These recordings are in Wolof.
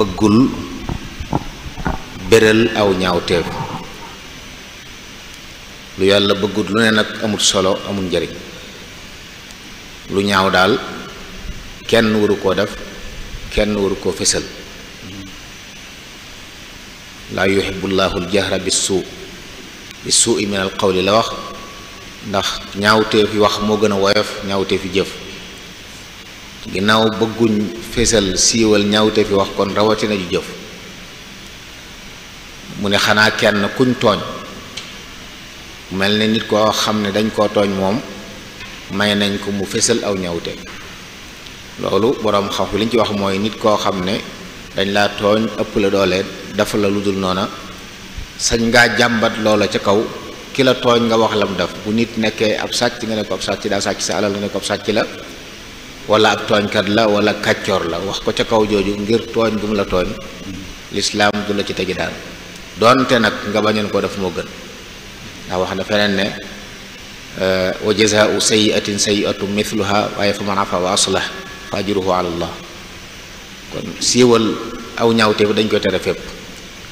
bëggul béral aw ñaawteef lu yàlla bëggut lu ne nag amul solo amul njariñ lu ñaaw daal kenn waru koo def kenn waru koo fësal laa yuhibbullahu aljahra bisuu bisuu min alqawli la wax ndax ñaawteefi wax moo gën a woyof ñaawteefi jëf ginnaaw bëgguñ feesal siiwal ñawte fi wax kon rawatina ju jëf mu ne xanaa kenn kuñ tooñ mel ne nit koo xam ne dañ koo tooñ moom may nañ ko mu feesal aw ñaawte loolu boroom xam fi li ci wax mooy nit koo xam ne dañ laa tooñ ëpp la doole dafa la ludul noona sañ ngaa jàmbat loola ca kaw ki la tooñ nga wax la mu def bu nit nekkee ab sàcc nga ne ko ab sàcc daa sàcc sa alal nga ne ko ab sàcc la wala ab tooñkat la wala kàccoor la wax ko ca kaw jooju ngir tooñ bu mu la tooñ lislaam du la ci tegi daal doonte nag nga bañoon ko def moo gën ndax wax na feneen ne euh, wa jazaau sayiatin sayiatu mithluha waaye fa man a wa aslah fa ajruhu ala allah kon siiwal aw ñaawte dañ koy tere fépp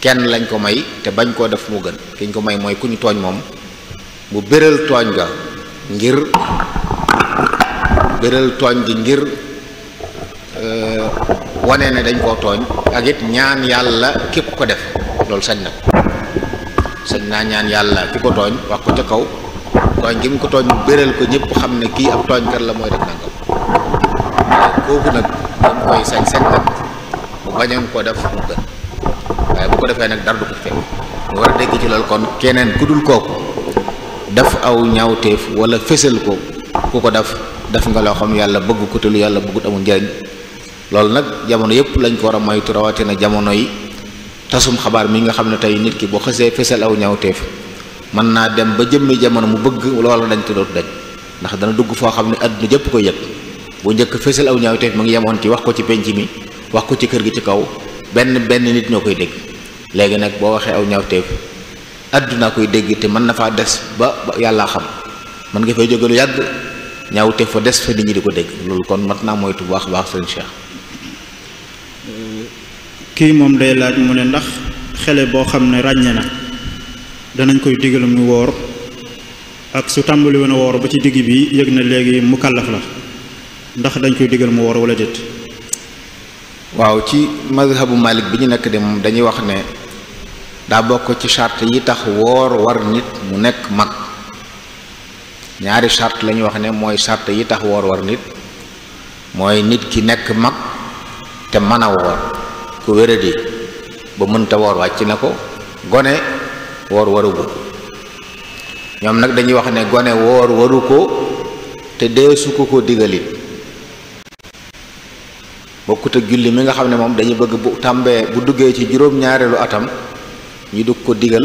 kenn lañ ko may te bañ koo def mu gën kiñ ko may mooy ku ñu tooñ moom mu béral tooñ ga ngir beral tooñ gi ngir euh, wane ne dañ koo tooñ ak ñaan yàlla képp ko def loolu sañ na ko sañ naa ñaan yàlla ki ko tooñ wax ko ca kaw tooñ gi mu ko tooñ mu beral ko ñëpp xam ne kii ab tooñkat la mooy def nangam kooku nag dañ koy sañ sañ nag bu bañoon ko def mu gën waaye bu ko defee nag dara ko fekk ñu war a dégg ci loolu kon keneen ku dul kooku daf aw ñaawteef wala fésal ko ku ko def def nga loo xam yàlla bëgg ko te lu yàlla bëggut amul njariñ loolu nag jamono yépp lañ ko war a moytu na jamono yi tasum xabaar mi nga xam ne tey nit ki boo xësee fesal aw ñaawteef mën naa dem ba jëmmi jamono mu bëgg loola dañ te dootu dañ ndax dana dugg foo xam ne àdduna jëpp ko yëg bu njëkk fésal aw ñaawteef mu ngi yemoon ci wax ko ci penc mi wax ko ci kër gi ci kaw benn benn nit ñoo koy dégg léegi nag boo waxee aw ñaawteef àdduna koy dégg te mën na faa des ba yàllaa xam mën nga fay jóge lu yàgg ñaawte fa des fa nit ñi di ko dégg loolu kon mat naa moytu bu baax a baax sëriñ Cheikh. Euh, kii moom day laaj mu ne ndax xele boo xam ne ràññee na danañ koy digal mu woor ak su tàmbali woon a woor ba ci digg bi yëg na léegi mu kàllaf la ndax dañ koy digal mu woor wala déet. waaw ci mazhabu Malik bi ñu nekk de moom dañuy wax ne daa bokk ci charte yi tax woor war nit mu nekk mag. ñaari sart lañu wax ne mooy sart yi tax woor war nit mooy nit ki nekk mag te mën a woor ku wéradi ba mënta woor wàcc na ko gone woor waru ñoom nag dañuy wax ne gone woor waru ko te deesu ko ko digalit bokkut ak julli mi nga xam ne moom dañu bëgg bu tàmbee bu duggee ci juróom-ñaareelu atam ñu dugg ko digal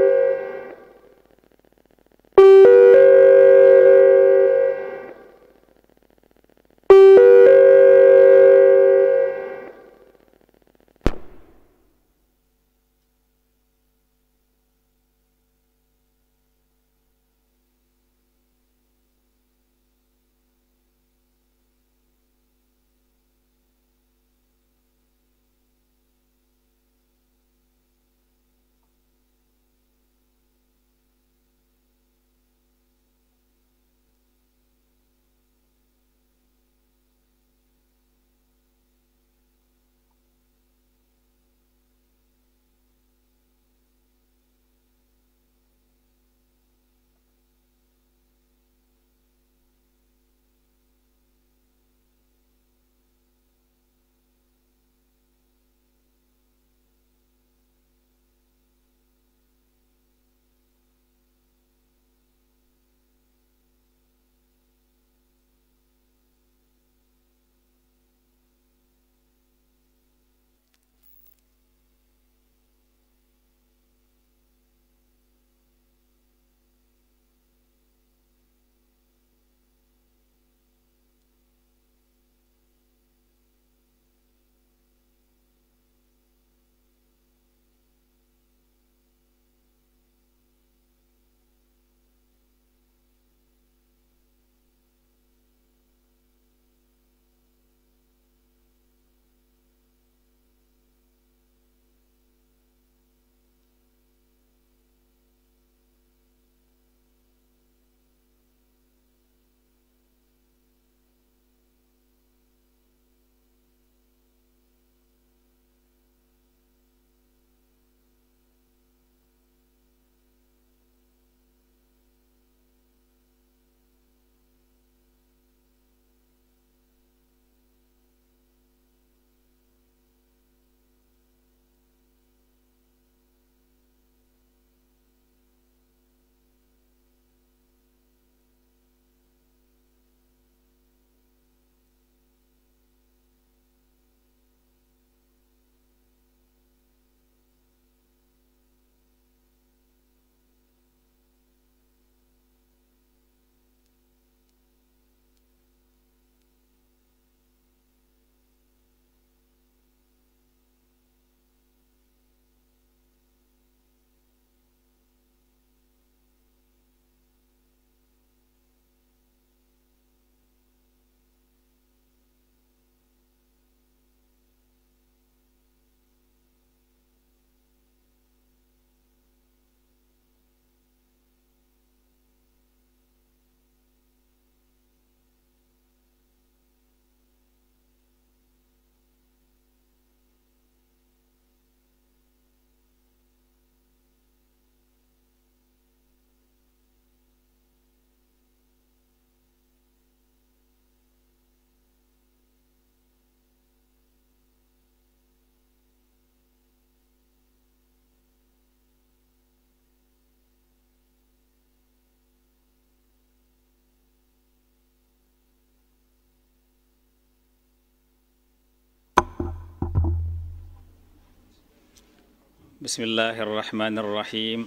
bismillahi arrahmani arrahim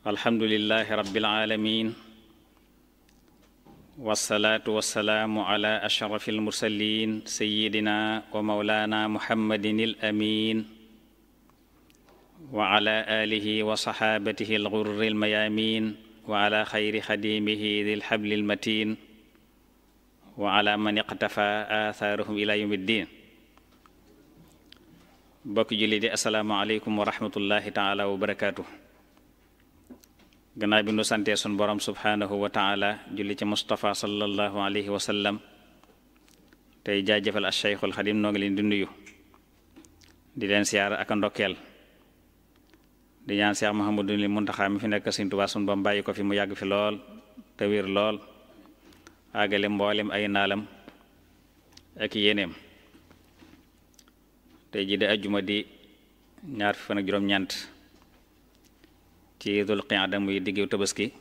alhamdulilahi rabbil alamin wasalaatu wasalaamu ala ashrafi almursalin sayidina wa maulana muhammadin il amin wa ala alihi wa saxaabatihi alxurri almayamin wa ala xayri xadimihi di lxabli almatin wa ala man iqtafa athaarahum ila yawmi ddin mbokki julli di asalaamaaleykum wa rahmatullahi taala wa barakaatu gannaaw bi sun borom subhaanahu wa taala julli ci Moustapha sallallahu alayhi wa sallam tey jaajëfal al Xadim noo leen di nuyu di leen siyaar ak a ndokkeel di ñaan Cheikh Mouhamadou li Muntaxa mi fi nekk Sëñ Tuubaa sun ba bàyyi ko fi mu yàgg fi lool te wér lool àggale mboolem ay naalam ak yéeneem tey jii di ajjuma di ñaar fan ak juróom-ñeent ci dul qiada muy diggu tabaski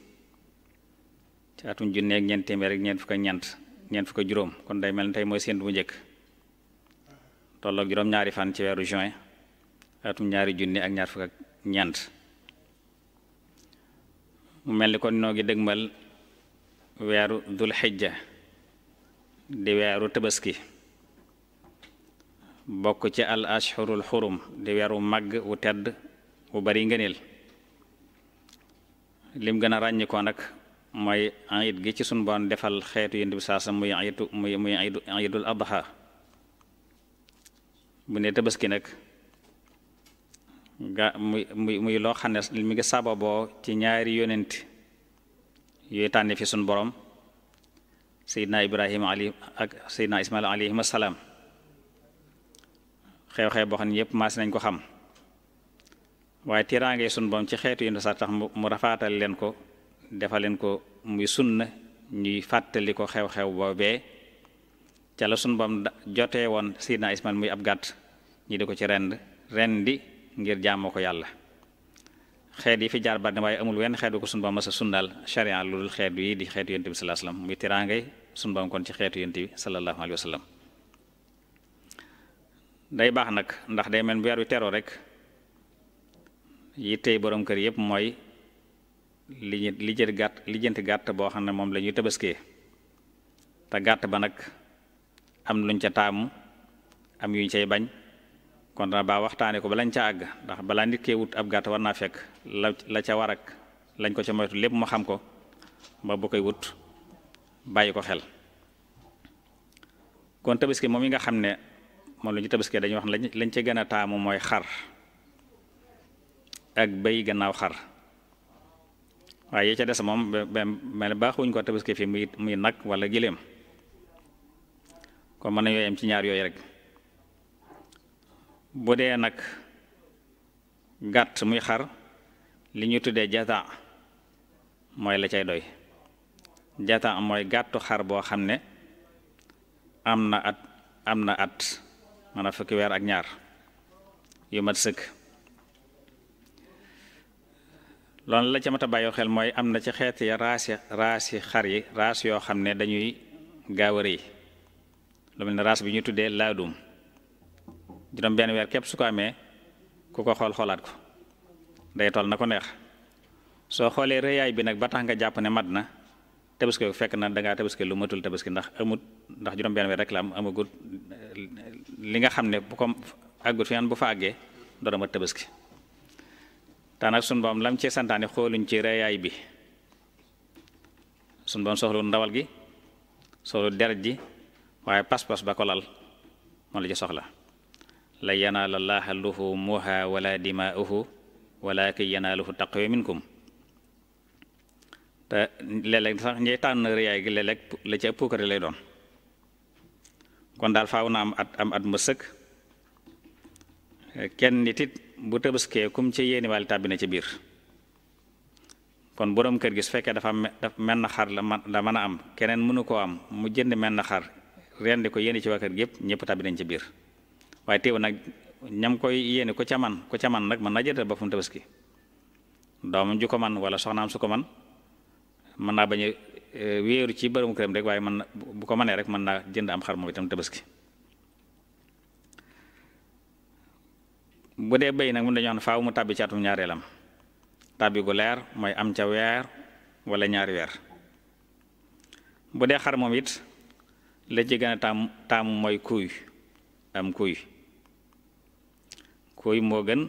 ci atum junne ak ñeent téeméer ak ñeent fukk ak ñeent ñeent juróom kon day mel ni tey mooy seen bu jëkk tolloog juróom-ñaari fan ci weeru juin atum ñaari junne ak ñaar fukk ak mu mel ni kon noo ngi dëgmal weeru dul xijja di weeru tabaski bokk ci al ashhurul xurum di weeru màgg wu tedd wu bari ngëneel lim gën a ràññikoo nag mooy ayit gi ci sunu boon defal xeetu yénd bi saasa ne tabaski nag ga mi ngi sababoo ci ñaari yonent yooyu tànni fi sunu borom seydina ibrahima ali ak seydina ismaila alayhim asalaam xew xeew boo xam ne yëpp maas nañ ko xam waaye tiraange sun boom ci xeetu yi sax tax mu rafaatal leen ko defal leen ko muy na ñuy fàttali ko xew-xew boobee ca sunu sun boom jotee woon sidna Ismail muy ab gàtt ñi di ko ci rend rendi ngir jaamoo ko yàlla xeet yi fi jaar bari na waaye amul wenn xeet bu ko sun boom mas a sundaal sharia lu dul xeet yi di xeetu yonent bi sallallahu alayhi wasallam muy tiraangay sun boom kon ci xeetu yonent bi sallallahu alayhi day baax nag ndax day mel weer wi tero rek yittey boroom kër yëpp mooy li lijjanti gàtt lijjanti gàtt boo xam ne moom la ñuy tabaskee te gàtt ba nag am luñ ca taamu am yuñ cay bañ kon dana baa waxtaanee ko ba lañ ca àgg ndax balaa nit kee wut ab gàtt war naa fekk la la ca war ak lañ ko ca moytu lépp mu xam ko mba bu koy wut bàyyi ko xel kon tabaski moom yi nga xam ne moom la ñu tabaskee dañuy wax ne lañ ci gën a taamu mooy xar ak béy gannaaw xar waaye yee ca des moom mel baaxuñ ko tabaskee fii muy muy nag wala giléem kon mën nañoo yem ci ñaar yooyu rek bu dee nag gàtt muy xar li ñu tuddee jata mooy la cay doy jata mooy gàttu xar boo xam ne am na at am na at maanaam fukki weer ak ñaar yu mat sëkk loolu la ca mat a xel mooy am na ci xeet ya raas ya raas yi xar yi raas yoo xam ne dañuy gaaw a rëy lu mel ne ras bi ñu tuddee laadum juróom benn weer képp su ko amee ku ko xool xoolaat ko day toll na ko neex soo xoolee rëyaay bi nag ba tax nga jàpp ne mat na tabaski ko fekk na dangaa tabaski lu matul tabaski ndax amut ndax juróom-benn weer rek la am amagut li nga xam ne bu ko àggut fi bu fa àggee doo ma tabaski te nag sunu boom lam ci santaane xooluñ ci reyaay bi sunu boom soxlu ndawal gi soxlu deret ji waaye pas-pas ba ko lal moo la ci soxla la yanaala llaaha luhumuha wala dimaa'uhu walaakin yanaaluhu taqwa minkum te léeg-léeg sax ñiy tànn riyaay gi léeg la ci puukare lay doon kon daal faaw na am at am at mu kenn nit it bu tëbëskee kum ci yéeni wàll tàbbi na ci biir kon borom kër gi su fekkee dafa menn xar la man la mën a am keneen mënu koo am mu jënd menn xar rendi ko yéeni ci waa kër gi yëpp ñëpp tàbbi ci biir waaye teew nag ñam koy yéeni ku ca man ku ca man nag man na jëndal boppam tëbëski doomam ju ko man wala soxnaam su man mën naa bañ a euh, wéeru ci bërëmu këram rek waaye mën na bu ko manee rek mën naa jënd am xar moom itam tabaski bu dee béy nag mun dañu xam ne faaw mu tàbbi ci atum ñaareelam tàbbi gu leer mooy am ca weer wala ñaari weer bu dee xar moom it la ci gën a taam taamu mooy kuuy am kuuy kuuy moo gën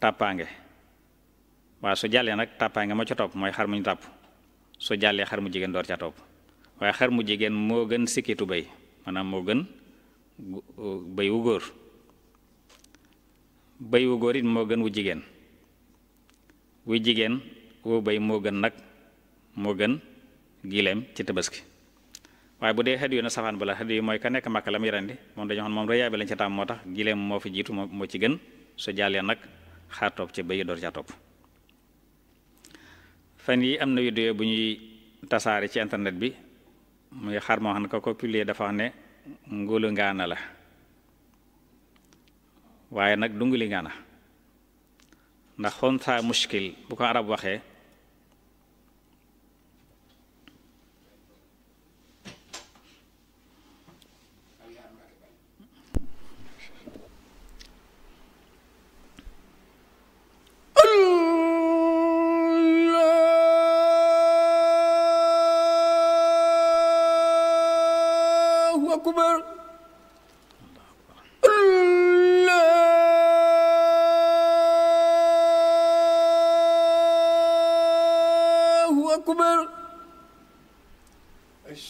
tàppaange waa su jàllee nag tàppaange ma ca topp mooy xar muñu tàpp su jàllee xar mu jigéen door ca topp waaye xar mu jigéen moo gën sikkitu bay maanaam moo gën uh, bay wu góor bay wu góor it moo gën wu jigéen wu jigéen wu bay moo gën nag moo gën gileem ci tabaski waaye bu dee xet yu na safaan ba la yu mooy ka nekk màkk la muy rendi moom dañoo xam moom reyaa bi lañ ci tàmm moo tax gileem moo fi jiitu moo ci gën su jàllee nag xaar topp ci bay door ca topp fan yi am na vidéo bu ñuy tasaare ci internet bi muy xar moo xam ne ko ko publier dafa wax ne ngulu ngaana la waaye nag dunguli ngaana ndax xontaa muskil bu ko arab waxee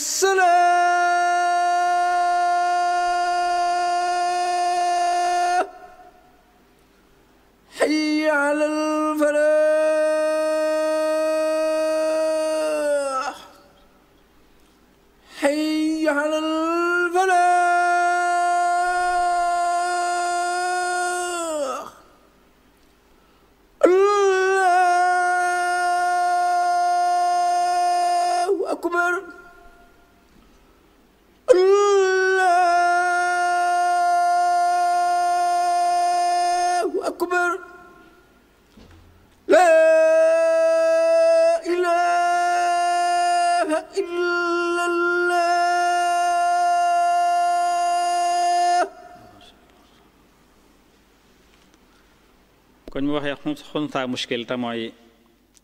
السلام waxee xunsaa muskil te mooy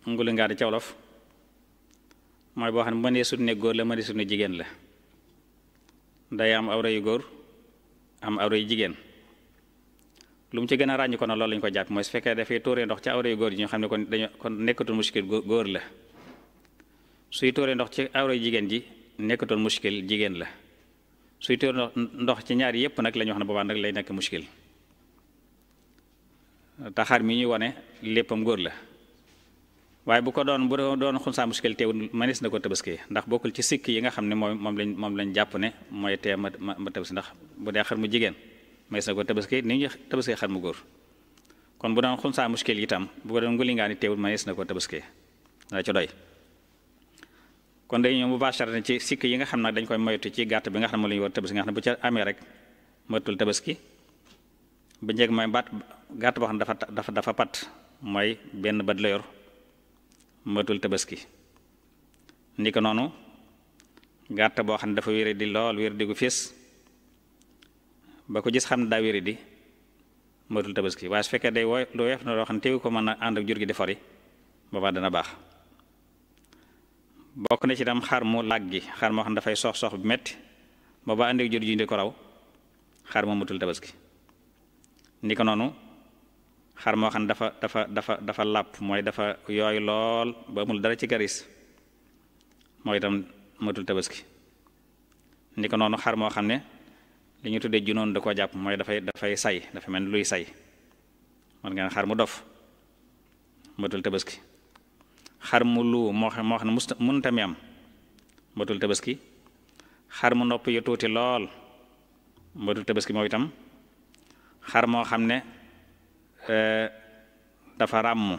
ngulu ngaari ci olof mooy boo xam ne mënee sut ne góor la mënee sut ne jigéen la day am awra yu góor am awra yu jigéen lu mu ci gën a ràññi ko na loolu lañu ko jàpp mooy su fekkee dafay tuuree ndox ci awra yu góor yi ñu xam ne kon nekkatu kon nekkatul muskil góor la suy tooree ndox ci awra yu jigéen ji nekkatul muskil jigéen la suy tuuree ndox ci ñaar yépp nag lañu wax ne boobaa nag lay nekk muskil taxaar mi ñuy wane léppam góor la waaye bu ko doon bu doon xunsaa muskil teewul mënees na ko tabaski ndax bokkul ci sikk yi nga xam ne mooy moom lañ moom lañ jàpp ne mooy tee ma ma tabaski ndax bu dee xar mu jigéen mënees na ko tabaski ni ñu tabaski xar mu góor kon bu doon xunsaa muskil itam bu ko doon ngulingaani teewul mënees na ko tabaski dana ci doy kon baax ñëw mubashara ci sikk yi nga xam nag dañ koy moytu ci gàtt bi nga xam ne moom la ñu war tabaski nga xam ne bu ca amee rek matul tabaski bu njëkk mooy baat gàtt boo xam dafa dafa dafa pat mooy benn bët la yor matul tabaski ni ko noonu garte boo xam ne dafa wéri di lool wéri di gu fés ba ko gis xam ne daa wéri di matul tabaski waaye su fekkee day wooy lu woyof na loo xam ne teewu ko mën a ànd ak jur gi di fori boobaa dana baax bokk na ci tam xar mu làgg gi xar moo xam ne dafay sox sox metti boobaa ànd ak jur ji di ko raw xar mu matul tabaski ni noonu xar moo xam ne dafa dafa dafa dafa làpp mooy dafa yooy lool ba amul dara ci garis mooy itam matul tabaski ni ko noonu xar moo xam ne li ñu tuddee junoon da koo jàpp mooy dafay dafay say dafa mel ni luy say man nga xar mu dof matul tabaski xar mu lu moo xam moo ne musta mënta mi am matul tabaski xar mu nopp yu tuuti lool matul tabaski moo itam xar moo xam ne euh, dafa ràmm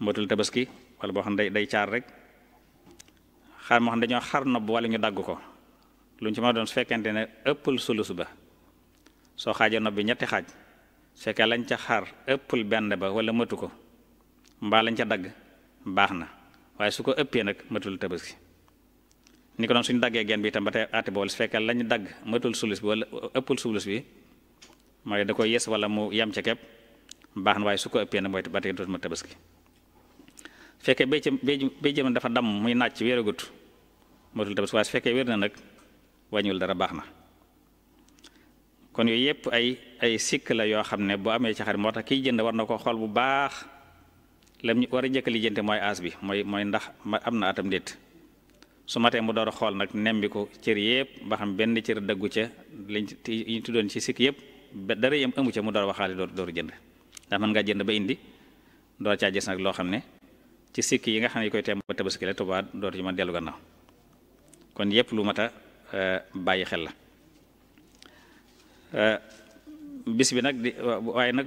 mbatul tabaski wala boo xam ne day day caar rek xar moo xam ne dañoo xar nopp wala ñu dagg ko luñ ci ma doon su fekkente ne ëppul sulus ba soo xaajee nopp bi ñetti xaaj su fekkee lañ ca xar ëppul benn ba wala matu ko mbaa lañ ca dagg baax na waaye su ko ëppee nag matul tabaski ni ko doon suñu daggee genn bi itam ba tey àtte ba wala su fekkee lañ dagg matul sulus bi wala ëppul sulus bi mooy da koy yes wala mu yam ca képp baax na waaye su ko ëppee na mooy ba tey dootuma tabaski fekkee béy ca béy jëm dafa damm muy naaj ci wéeragut mootul tabaski waaye su fekkee wér na nag wàññiwul dara baax na kon yooyu yëpp ay ay sikk la yoo xam ne bu amee ci moo tax kiy jënd war na ko xool bu baax lam ñu war a jëkk lijjanti mooy aas bi mooy mooy ndax ma am na atam déet su matee mu door a xool nag nembi ko cër yëpp ba xam benn cër dëggu ca lañ tuddoon ci sikk yëpp. ba dara yem amu ca mu door waxaale door dooru jënd ndax mën ngaa jënd ba indi door caa gis nag loo xam ne ci sikk yi nga xam ne yi koy teem ba tabaski la Tuubaa dootu ci mën dellu gannaaw kon yépp lu mata eh, bàyyi xel la eh, bis bi nag di waaye nag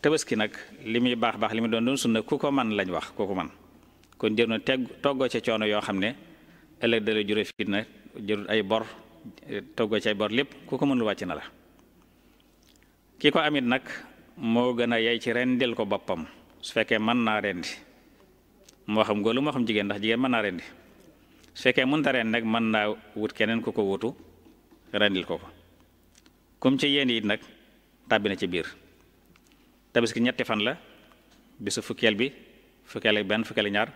tabaski nag li muy baax baax li muy doon doon sunna ku ko man lañ wax ku ko man kon jër teg toggoo ca coono yoo xam ne ëllëg dala jure fitna jur ay bor eh, toggoo ci ay bor lépp ku ko mënul wàcc na la ki ko amit nag moo gën a yey ci rendil ko boppam su fekkee mën naa rendi moo xam góor lu moo xam jigéen ndax jigéen mën naa rendi su fekkee mënta rend nag mën naa wut keneen ku ko wutu rendil ko ko kum ci yéen it nag tàbbi na ci biir tabaski ñetti fan la bisu fukkeel bi fukkeel ak benn fukkeel ak ñaar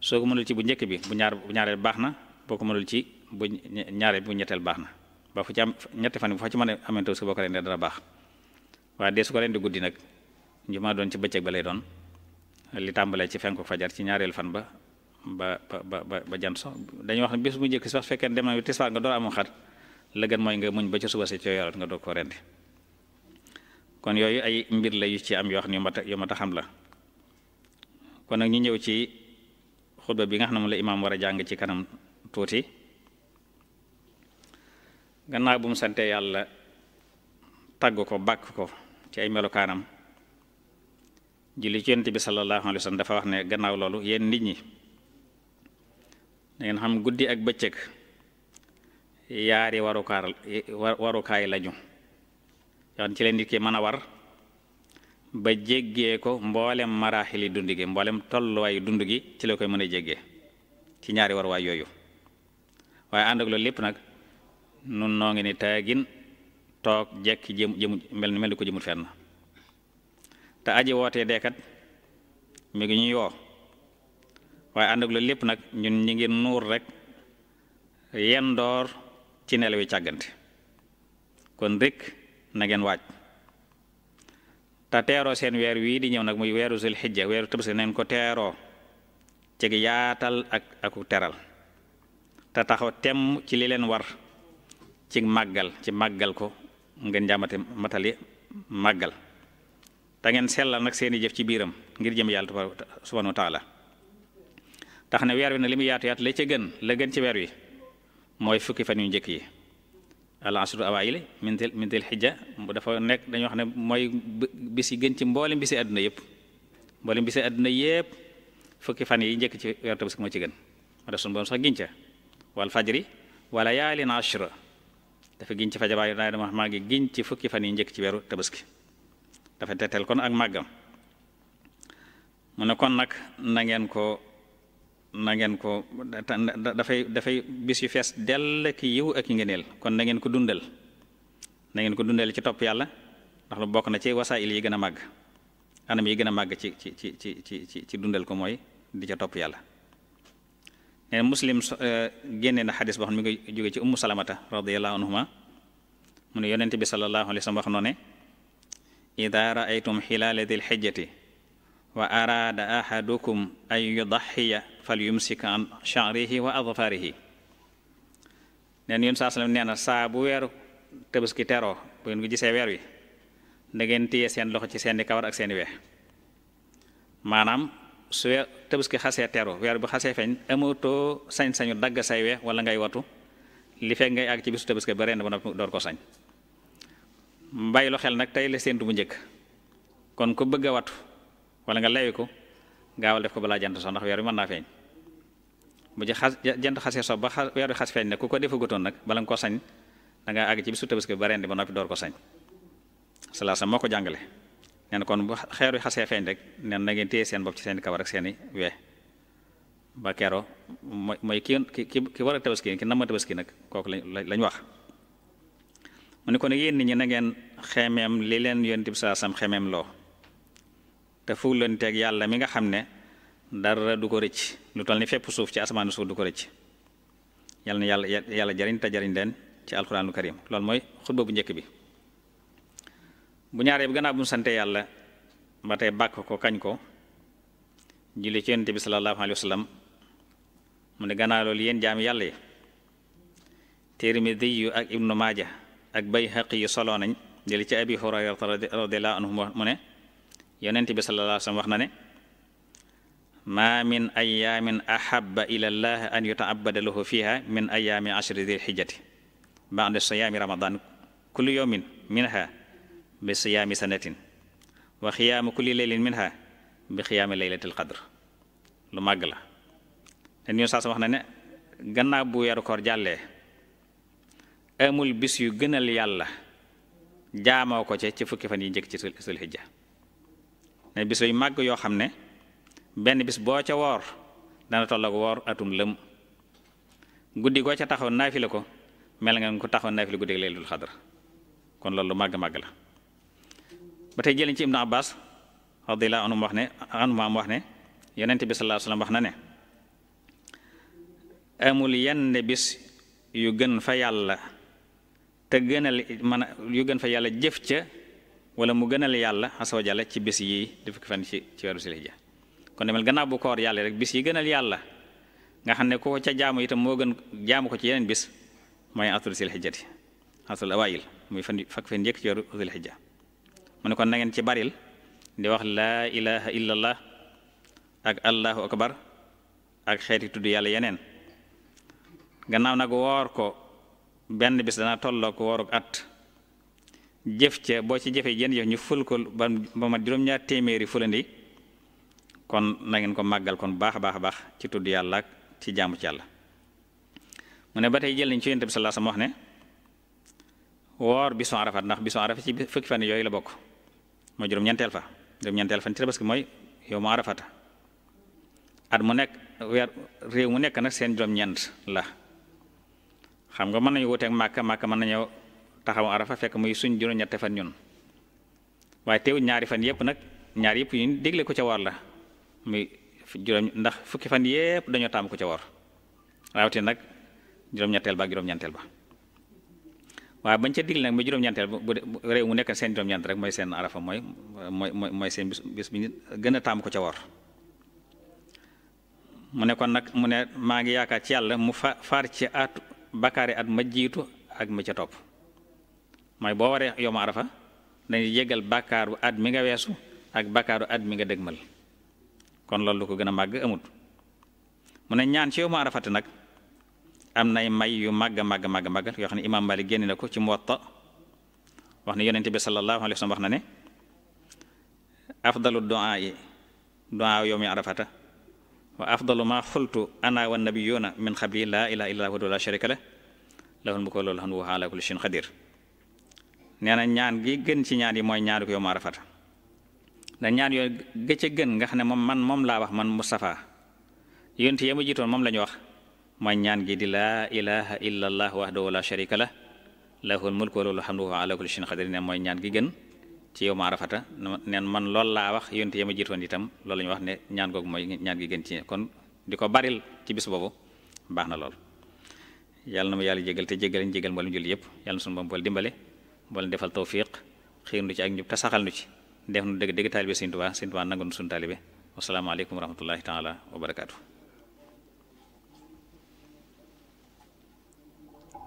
soo ko mënul ci bu njëkk bi bu ñaar bu ñaareel baax na boo ko mënul ci bu ñaareel bu ñetteel baax na ba fu ci am ñetti fan bu fa ci mën a amee tabaski boo ko rendee dana baax waaye dee su ko rendi guddi nag jumaa doon ci bëccëg ba lay doon li tàmbalee ci fenk fajar ci ñaareelu fan ba ba ba ba ba jant so dañuy wax ne bis bu njëkk si wax fekkee dem nga doo amu xar la mooy nga muñ ba ci suba si coo yoroot nga kon yooyu ay mbir la yu ci am yoo xam ne yu mat a yu mat a xam la kon nag ñu ñëw ci xutba bi nga xam ne moom la imaam war a jàng ci kanam tuuti gannaaw bu mu sante yàlla tagg ko bàkk ko ci ay melokaanam julli ci yonent bi sallallahu alayhi wa dafa wax ne gannaaw loolu yéen nit ñi da xam guddi ak bëccëg yaari warukaar warukaay lañu yoon ci leen nit ki mën a war ba jéggee ko mboolem maraaxili dund gi mboolem tolluwaayu dund gi ci la koy mën a jéggee ci ñaari waruwaay yooyu waaye ànd loolu lépp nag nun noo ni taagin toog jekki jëm jéemu mel mel ni ko jëmul fenn te aji wootee deekat mu ngi ñuy woo waaye ànd ak loolu lépp nag ñun ñi ngi nuur rek yen door ci nelaw yi càggante kon rek na ngeen waaj te teeroo seen weer wii di ñëw nag muy weeru sul xijja weeru tëbsi neen ko teeroo ceg yaatal ak aku teral te taxaw temm ci li leen war ci màggal ci màggal ko ngeen jaamate matali màggal te ngeen sellal nag seeni jëf ci biiram ngir jëm yàlla subhanahu wa taala tax ne weer wi na li mu yaatu yaatu la ca gën la gën ci weer wi mooy fukki fan yu njëkk yi al asru awaayil min til min til dafa nekk dañoo wax ne mooy bis yi gën ci mboolem bisi àdduna yëpp mboolem bisi àdduna yëpp fukki fan yi njëkk ci weeru tabaski moo ci gën ma def suñu borom sax giñ ca wal fajri wala yaalin ashra dafa giñ ci fajabaayu daay dama wax maa ngi giñ ci fukki fan yi njëkk ci weeru tabaski dafa teteel kon ak màggam mu ne kon nag nangeen ngeen ko na ko dafay dafay bis yu fees dell ki yiw ak yi ngëneel kon na ngeen ko dundal na ngeen ko dundal ci topp yàlla ndax lu bokk na ci wasaayil yi gën a màgg anam yi gën a màgg ci ci ci ci ci ci dundal ko mooy di ca topp yàlla neen eh, muslim eh, génne na xadis boo xam mu mi ngi jóge ci ummu salamata radiallahu anhuma mu ne yonente bi salallahu alayhi wa sallam wax noo ne ida raaytum xilaala dil wa araada ahadukum an yudaxiya fal yumsik an chanrihi wa adfarihi neen yón saa salam nee na saa bu weeru tabaski teroo weer wi da ngeen seen loxo ci seeni kawar ak seeni weex maanaam su weer tabaski xasee teru weer bu xasee feeñ amatoo sañ-sañu dagg say we wala ngay watu li fekk ngay àgg ci bisu tabaski ba ren door ko sañ mbay lu xel nag tey la séentu bu njëkk kon ku bëgg a watu wala nga lewi ko gaawal ko balaa jant so ndax weer mën naa feeñ bu ci xas jant xasee so ba weer bi xas ne ku ko defagutoon nag bala nga ko sañ da ngaa àgg ci bisu tabaski ba ba noppi door ko sañ salaasa moo ko jàngale nee na kon bu xeer wi xasee feeñ rek nee na ngeen téye seen bopp ci seen kawar ak seen i wee ba kero mooy mooy ki ki ki war a ki nama tabaski nag kooku lañ lañ wax mu ne kon yéen nit ñi na ngeen xemeem li leen yonent bi saa sam xemeem loo te fu leen teg yàlla mi nga xam ne dara du ko rëcc lu toll ni fépp suuf ci asamaan suuf du ko rëcc yàlla na yàlla yàlla jariñ te jariñ leen ci alxuraanul karim loolu mooy xutba bu njëkk bi bu ñaaree bi gannaaw bu mu sante yàlla ba bàkk ko kañ ko julli ci yonent bi sallallahu alayhi wa sallam mu ne gannaaw loolu yéen jaam yàlla yi Tirmidi ak Ibnu Maaja ak Bayhaqi yu soloo nañ jëli ci Abi Hurayrata radiyallahu anhu mu ne yonent bi sallallahu wax na ne ma min ayaamin ahabba ila llaah an yutaabada lahu fiha min ayaami ashri dil hijjati ba'da siyaami ramadan kullu yawmin minha bi siyaami sanatin wa xiyaama kulli leylin minha bi xiyaami laylatil qadr lu màgg la te ñun sax wax na ne gannaaw bu weeru koor jàllee amul bis yu gënal yàlla jaamoo ko ca ci fukki fan yi njëkk ci sul xijja ne bis yu màgg yoo xam ne benn bis boo ca woor dana tolloog woor atum lëm guddi goo ca taxaw naafila ko mel nga ko taxaw naafila guddi leelatul xadar kon loolu lu màgg màgg la ba tey jëliñ ci ibnu abbas radiyallahu anhu wax ne anuma am wax ne yonent bi sallallahu wax na ne amul yenn bis yu gën fa yàlla te gënal man yu gën fa yàlla jëf ca wala mu gënal yàlla asa wa jàlla ci bis yi di fukki fan ci ci weeru silhijja kon demel gannaaw bu koor yàlla rek bis yi gënal yàlla nga xam ne ku ko ca jaamu itam moo gën jaamu ko ci yeneen bis mooy atul silhijjati atul awaayil muy fan fakk fan njëkk ci weeru silhijja mu ne kon na ngeen ci baril di wax laa ilaha illallah ak allahu akbar ak xeeti tudd yàlla yeneen gannaaw nag woor ko benn bis dana tollook wooruk at jëf ca boo ci jëfee jenn jëf ñu ful ko ba ba ma juróom-ñaar téeméeri fulandi kon na ngeen ko màggal kon baax a baax a baax ci tudd yàlla ak ci jaamu ci yàlla mu ne ba tey jël nañ ci yonent bi sallallahu alayhi wasallam wax ne woor bisu arafat ndax bisu arafat ci fukki fan yooyu la bokk mooy juróom-ñeenteel fa juróom-ñeenteel fan ci tabaski mooy yow ma arafata at mu nekk weer réew mu nekk nag seen juróom-ñeent la xam nga mën nañu wuteeg màkka màkka mën nañu taxaw arafa fekk muy suñ juróom-ñette fan ñun waaye teew ñaari fan yëpp nag ñaar yëpp yu dégle ko ca war la muy juróom ndax fukki fan yëpp dañoo taam ko ca war rawatina nag juróom-ñetteel ba ak juróom-ñeenteel ba waaye bañ ca digli nag ma juróom-ñeenteel bu réew mu nekk seen juróom-ñeent rek mooy seen arafa mooy mooy mooy seen bis bis gën a taam ko ca war mu ne kon nag mu ne maa ngi yaakaar ci yàlla mu fa faar ci at bakaari at ma jiitu ak ma ca topp mooy boo waree yow ma arafa dañuy jégal bakkaaru at mi nga weesu ak bakkaaru at mi nga dëgmal kon loolu lu ko gën a màgg amut mu ne ñaan ci yow ma arafati nag am nay may yu màgg a màgg màgg màgg yoo xam ne imaam Malik génne na ko ci Muwatta wax ne yonente bi sallallahu alayhi wa wax na ne afdalu duaa yi duaa yawmi arafata wa afdalu ma xultu ana wa nabiyuna min xabli laa ilaha illa huwa la sharika la lahul mulku wa lahul hamdu wa ala kulli shay'in qadir nee ñaan gi gën ci ñaan yi mooy ñaanu ko yawmi arafata da ñaan yooyu gëcc nga xam ne moom man moom laa wax man Mustafa yonent ya ma jiitoon moom lañu wax mooy ñaan gi di laa ilaha illa allah wahdahu la sharika lah lahul mulku wa lahul hamdu wa ala kulli shay'in neen mooy ñaan gi gën ci yow maarafata neen man lool laa wax yonte yama jiitoon itam tam lool ñu wax ne ñaan googu mooy ñaan gi gën ci kon di ko baril ci bis boobu baax na lool yal na ma yàlla jégal te jégal ñu jégal mboolem julli yëpp yal na suñu boom bool dimbale bool defal tawfiq xiir nu ci ak njub te saxal nu ci def nu dëgg dëgg taalibe Sëñ Tuubaa Sëñ Tuubaa nangu nu suñu taalibe wasalaamaaleykum wa rahmatullahi taala wa barakaatu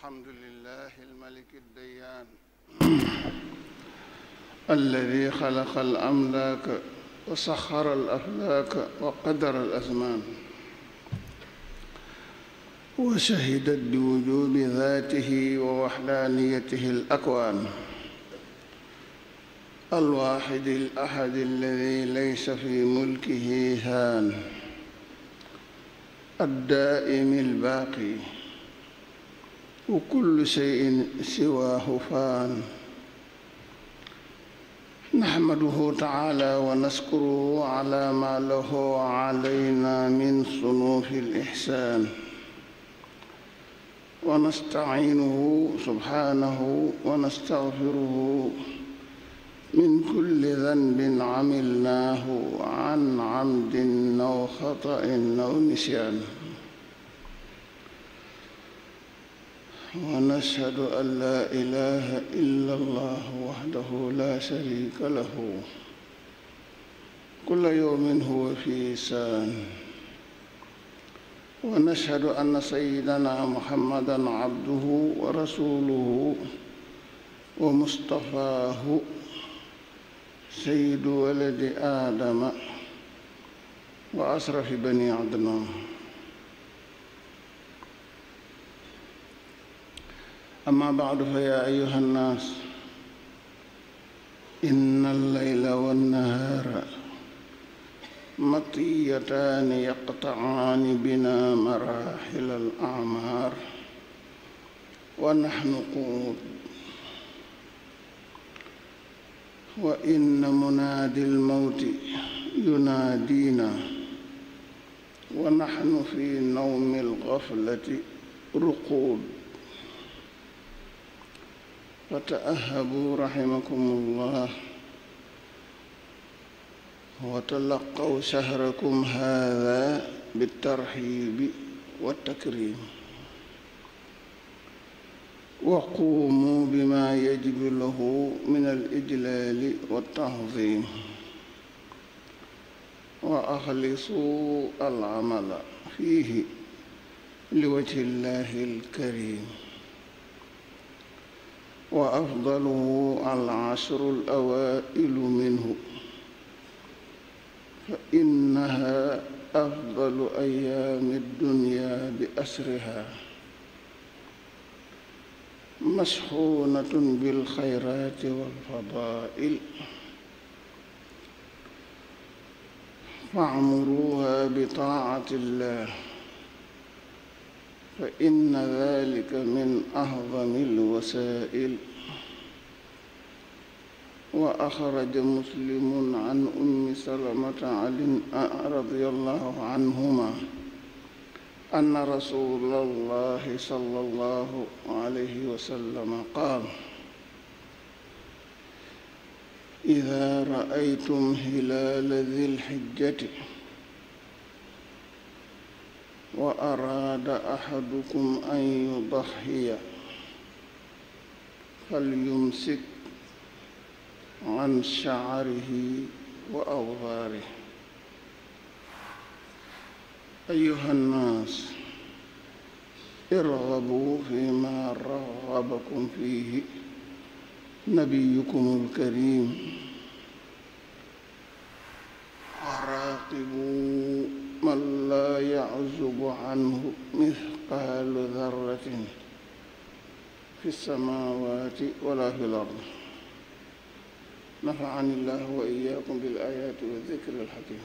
الحمد لله الملك الديان الذي خلق الأملاك وسخر الأفلاك وقدر الأزمان وشهدت بوجود ذاته ووحدانيته الأكوان الواحد الأحد الذي ليس في ملكه هان الدائم الباقي وكل شيء سواه فان نحمده تعالى ونشكره على ما له علينا من صنوف الإحسان ونستعينه سبحانه ونستغفره من كل ذنب عملناه عن عمد أو خطأ أو نسيان ونشهد أن لا إله إلا الله وحده لا شريك له كل يوم هو في سان ونشهد أن سيدنا محمدا عبده ورسوله ومصطفاه سيد ولد آدم وأشرف بني عدنان أما بعد فيا أيها الناس إن الليل والنهار مطيتان يقطعان بنا مراحل الأعمار ونحن قود وإن منادي الموت ينادينا ونحن في نوم الغفلة رقود وتأهبوا رحمكم الله وتلقوا شهركم هذا بالترحيب والتكريم وقوموا بما يجب له من الإجلال والتعظيم وأخلصوا العمل فيه لوجه الله الكريم وأفضله العشر الأوائل منه فإنها أفضل أيام الدنيا بأسرها مسحونة بالخيرات والفضائل فاعمروها بطاعة الله fa inna dalika min ahdami alwasail wa axraja muslimun an ummi salamata alin radiallahu anhuma anna rasula allahi sala allahu alayhi wasallama qaal ida raaytum hilala di lxijjati وأراد أحدكم أن يضحي فليمسك عن شعره وأوباره أيها الناس ارغبوا فيما رغبكم فيه نبيكم الكريم وراقبوا من لا يعزب عنه مثقال ذرة في السماوات ولا في الأرض نفعني الله وإياكم بالآيات والذكر الحكيم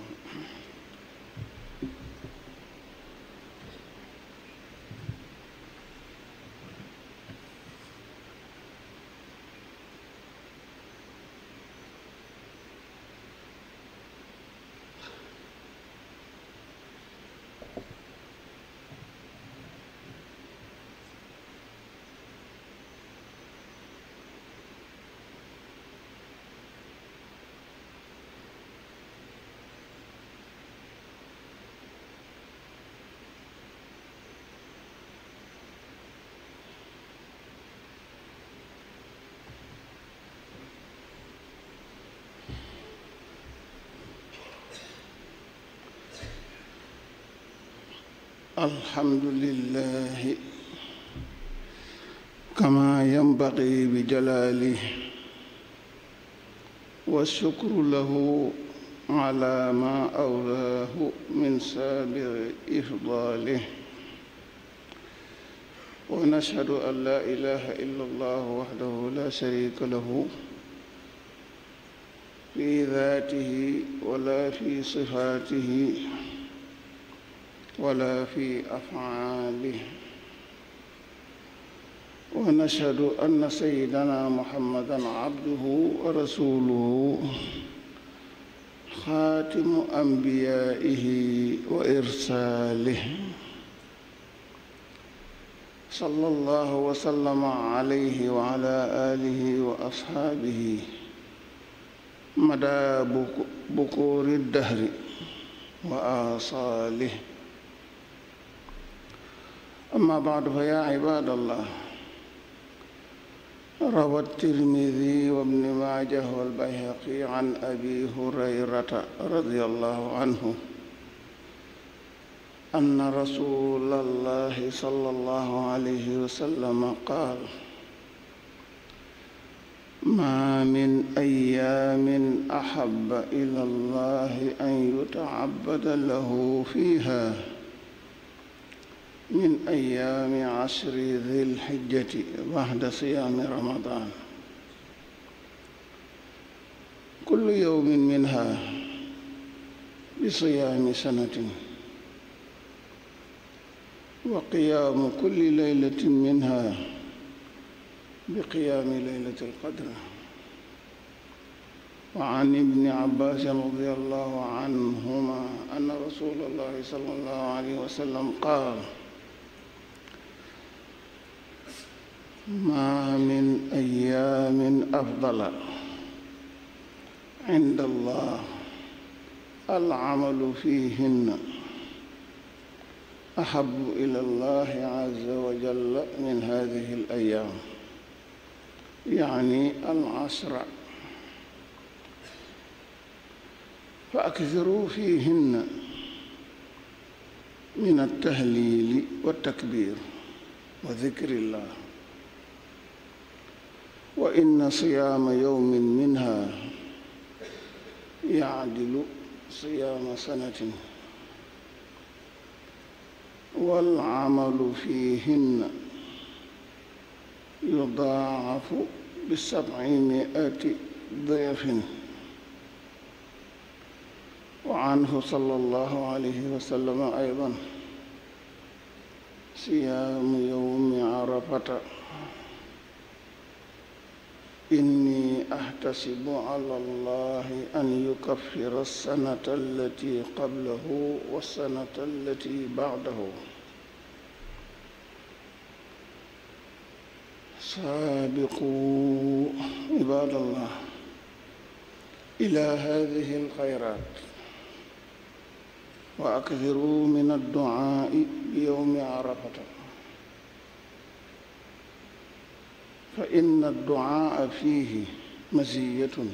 alhamdulillahi kama yanbaghi bi jalaalihi wa shukru lahu ala ma awlaahu min saabiri ifdaalihi wa nashhadu an laa ilaaha illa allahu wahdahu laa shariika lahu fi daatihi wala fi sifaatihi ولا في أفعاله ونشهد أن سيدنا محمدا عبده ورسوله خاتم أنبيائه وإرساله صلى الله وسلم عليه وعلى آله وأصحابه مدى بكور الدهر وآصاله أما بعد فيا عباد الله روى الترمذي وابن ماجه والبيهقي عن أبي هريرة رضي الله عنه أن رسول الله صلى الله عليه وسلم قال ما من أيام أحب إلى الله أن يتعبد له فيها من أيام عشر ذي الحجة بعد صيام رمضان كل يوم منها بصيام سنة وقيام كل ليلة منها بقيام ليلة القدر وعن ابن عباس رضي الله عنهما أن رسول الله صلى الله عليه وسلم قال ما من أيام أفضل عند الله العمل فيهن أحب إلى الله عز وجل من هذه الأيام يعني العصر فأكثروا فيهن من التهليل والتكبير وذكر الله وإن صيام يوم منها يعدل صيام سنة والعمل فيهن يضاعف بسبعمائة ضعف وعنه صلى الله عليه وسلم أيضا صيام يوم عرفة إني أحتسب على الله أن يكفر السنة التي قبله والسنة التي بعده سابقوا عباد الله إلى هذه الخيرات وأكثروا من الدعاء بيوم عرفة fa inna duaa fiihi maziyatun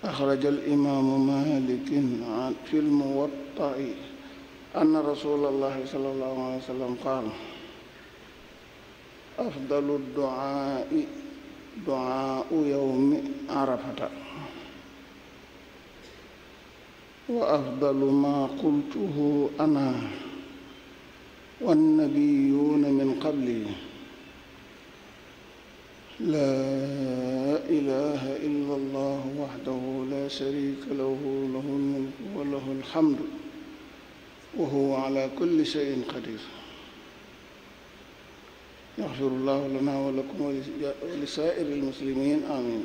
أخرج الإمام مالك في الموطأ أن رسول الله صلى الله عليه وسلم قال أفضل الدعاء دعاء يوم عرفة وأفضل ما قلته أنا والنبيون من قبلي لا إله إلا الله وحده لا شريك له له الملك وله الحمد وهو على كل شيء قدير يغفر الله لنا ولكم ولسائر المسلمين آمين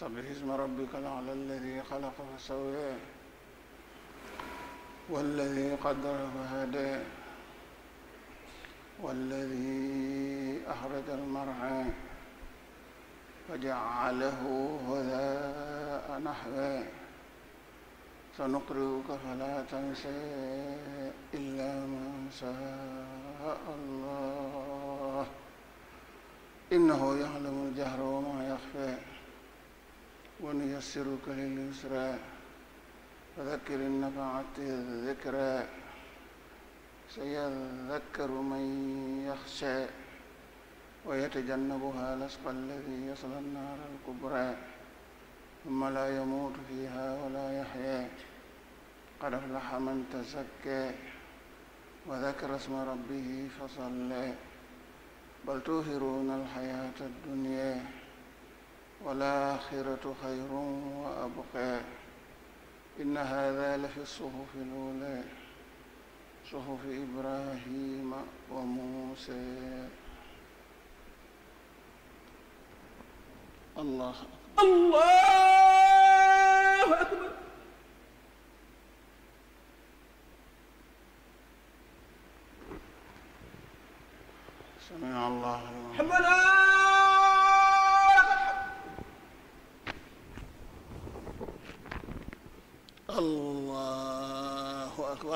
sabbih isma rabbikal a'laa allazii xalaqa fa sawwaa wallazii qaddara fa hadaa wallazii axrajal mar'aa faja'alahu ghusaa'an ahwaa sanuqri'uka falaa tansaa illaa maa shaa'a allaah innahu ya'lamul jahra wa maa yaxfaa ونيسرك لليسرى فذكر إن نفعت الذكرى سيذكر من يخشى ويتجنبها الأشقى الذي يصلى النار الكبرى ثم لا يموت فيها ولا يحيا قد أفلح من تزكى وذكر اسم ربه فصلى بل تؤثرون الحياة الدنيا والآخرة خير وأبقى إن هذا لفي الصحف الأولى صحف إبراهيم وموسى الله الله أكبر سمع الله لمن حمده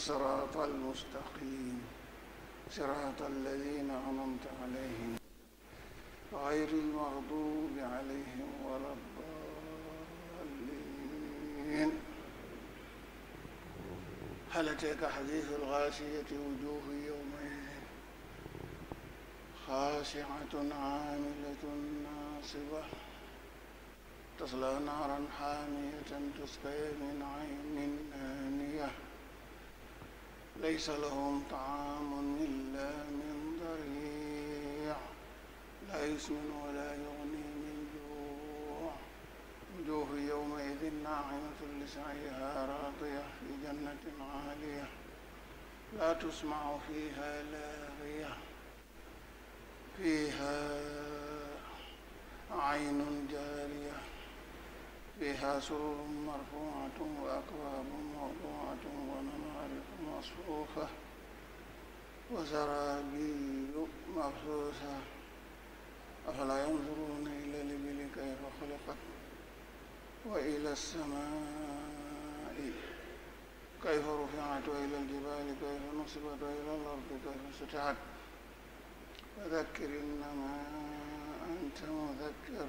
الصراط المستقيم صراط الذين أنعمت عليهم غير المغضوب عليهم ولا الضالين هل أتيك حديث الغاشية وجوه يومئذ خاشعة عاملة ناصبة تصلى نارا حامية تسقي من عين آنية ليس لهم طعام إلا من ضريع لا يسمن ولا يغني من جوع وجوه يومئذ ناعمة لسعيها راضية في جنة عالية لا تسمع فيها لاغية فيها عين جارية فيها سرر مرفوعة وأكواب موضوعة ونمارق مصفوفة وزرابي مبثوثة أفلا ينظرون إلى الإبل كيف خلقت وإلى السماء كيف رفعت وإلى الجبال كيف نصبت وإلى الأرض كيف سطحت فذكر إنما أنت مذكر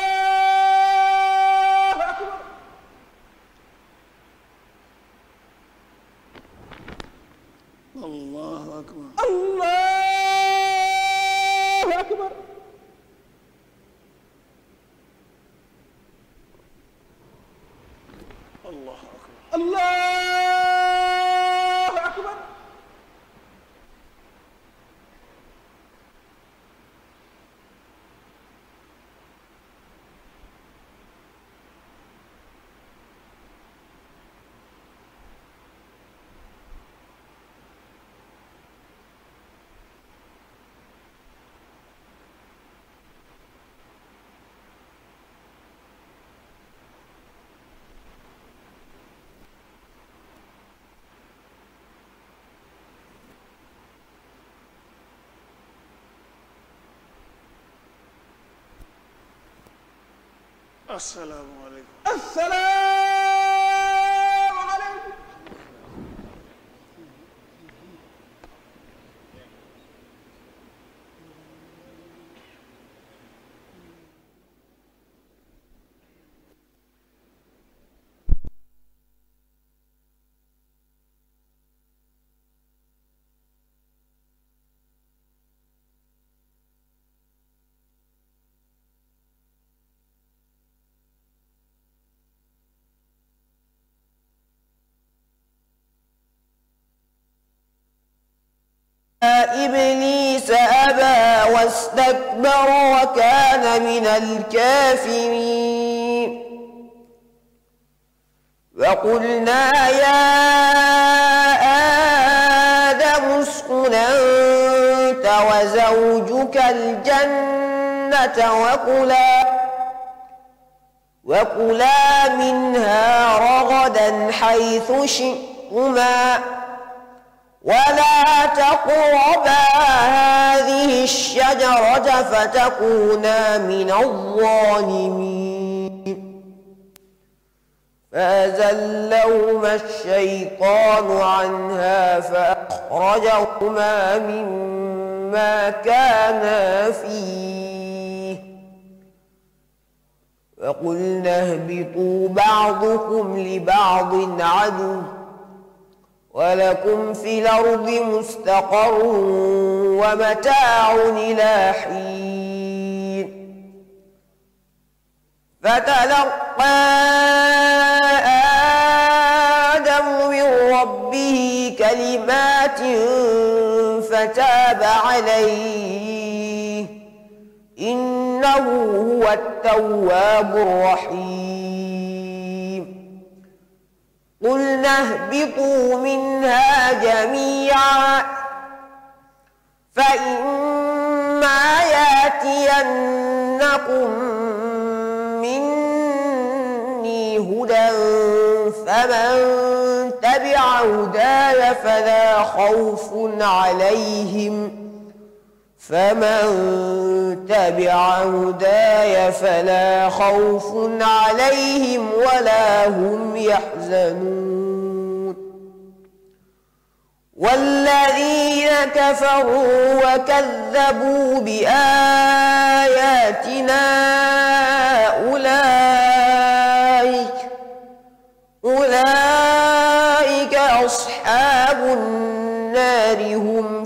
asalaamaaleykum. asalaamaaleykum. إبليس أبى واستكبر وكان من الكافرين وقلنا يا آدم اسكن أنت وزوجك الجنة وكلا وكلا منها رغدا حيث شئتما ولا تقربا هذه الشجرة فتكونا من الظالمين فأزلهما الشيطان عنها فأخرجهما مما كانا فيه فقلنا اهبطوا بعضكم لبعض عدو ولكم في الأرض مستقر ومتاع إلى حين فتلقى آدم من ربه كلمات فتاب عليه إنه هو التواب الرحيم قلنا اهبطوا منها جميعا فإما ياتينكم مني هدى فمن تبع هداي فلا خوف عليهم ۖ فمن تبع هداي فلا خوف عليهم ولا هم يحزنون والذين كفروا وكذبوا بآياتنا أولئك أولئك أصحاب النار هم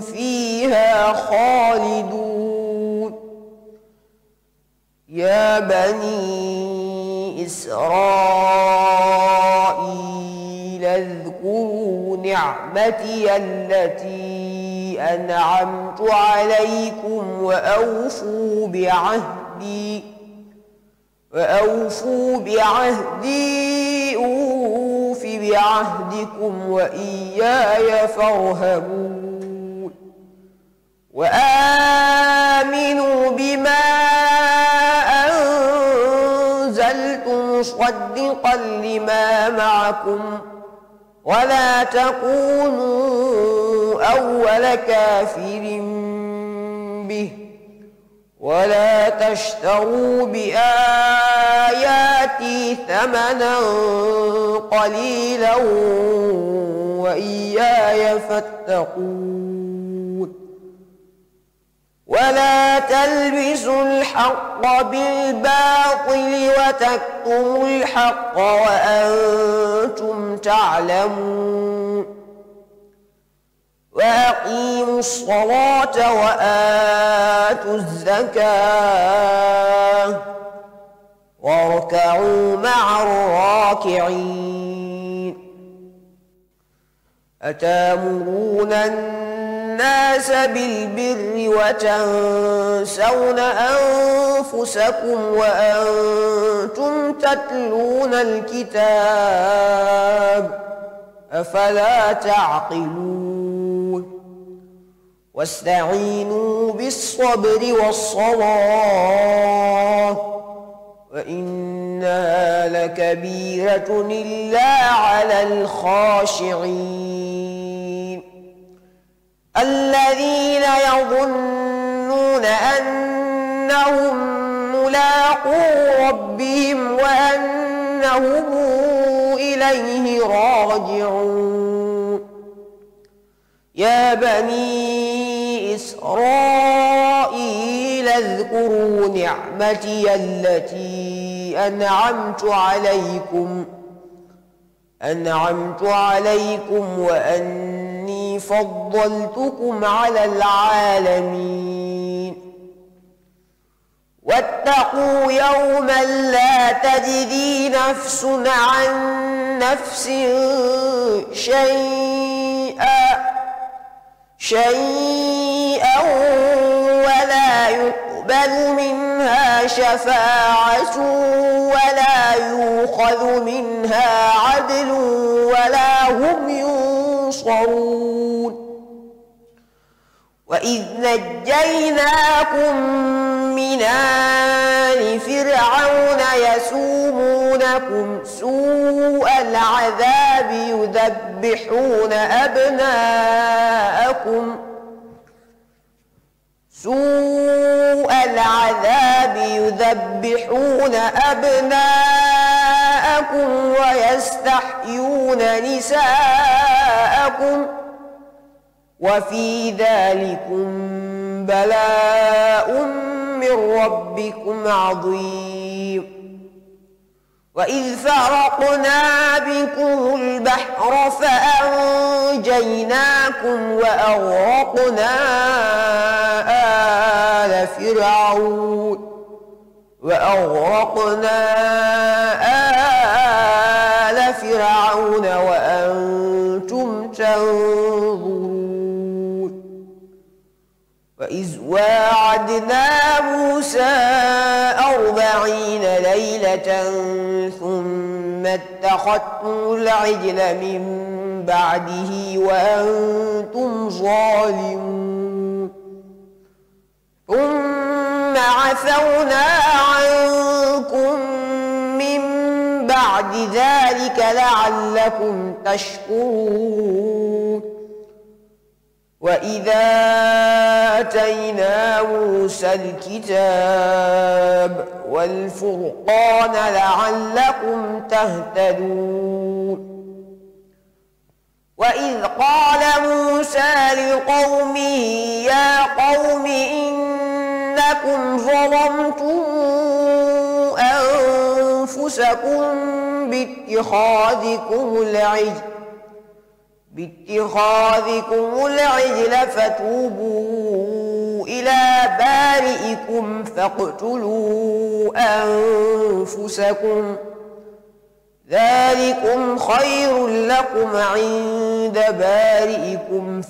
فيها خالدون يا بني إسرائيل اذكروا نعمتي التي أنعمت عليكم وأوفوا بعهدي وأوفوا بعهدي أوف بعهدكم وإياي فارهبون وآمنوا بما أنزلت مصدقا لما معكم ولا تكونوا أول كافر به ولا تشتروا بآياتي ثمنا قليلا وإياي فاتقون ولا تلبسوا الحق بالباطل وتكتموا الحق وأنتم تعلمون وأقيموا الصلاة وآتوا الزكاة واركعوا مع الراكعين أتامرون الناس الناس بالبر وتنسون أنفسكم وأنتم تتلون الكتاب أفلا تعقلون واستعينوا بالصبر والصلاة وإنها لكبيرة إلا على الخاشعين الذين يظنون أنهم ملاقو ربهم وأنهم إليه راجعون يا بني إسرائيل اذكروا نعمتي التي أنعمت عليكم أنعمت عليكم وأن إني فضلتكم على العالمين واتقوا يوما لا تجدي نفس عن نفس شيئا شيئا ولا يقبل منها شفاعة ولا يؤخذ منها عدل ولا هم ينصرون تنصرون وإذ نجيناكم من آل فرعون يسومونكم سوء العذاب يذبحون أبناءكم سوء العذاب يذبحون أبناءكم أبناءكم ويستحيون نساءكم وفي ذلكم بلاء من ربكم عظيم وإذ فرقنا بكم البحر فأنجيناكم وأغرقنا آل فرعون وأغرقنا آل تزرعون وأنتم تنظرون وإذ واعدنا موسى أربعين ليلة ثم اتخذتم العجل من بعده وأنتم ظالمون ثم عفونا عنكم بعد ذلك لعلكم تشكرون وإذا أتينا موسى الكتاب والفرقان لعلكم تهتدون وإذ قال موسى لقومه يا قوم إنكم ظلمتم أنفسكم باتخاذكم العجل باتخاذكم العجل فتوبوا إلى بارئكم فاقتلوا أنفسكم ذلكم خير لكم عند بارئكم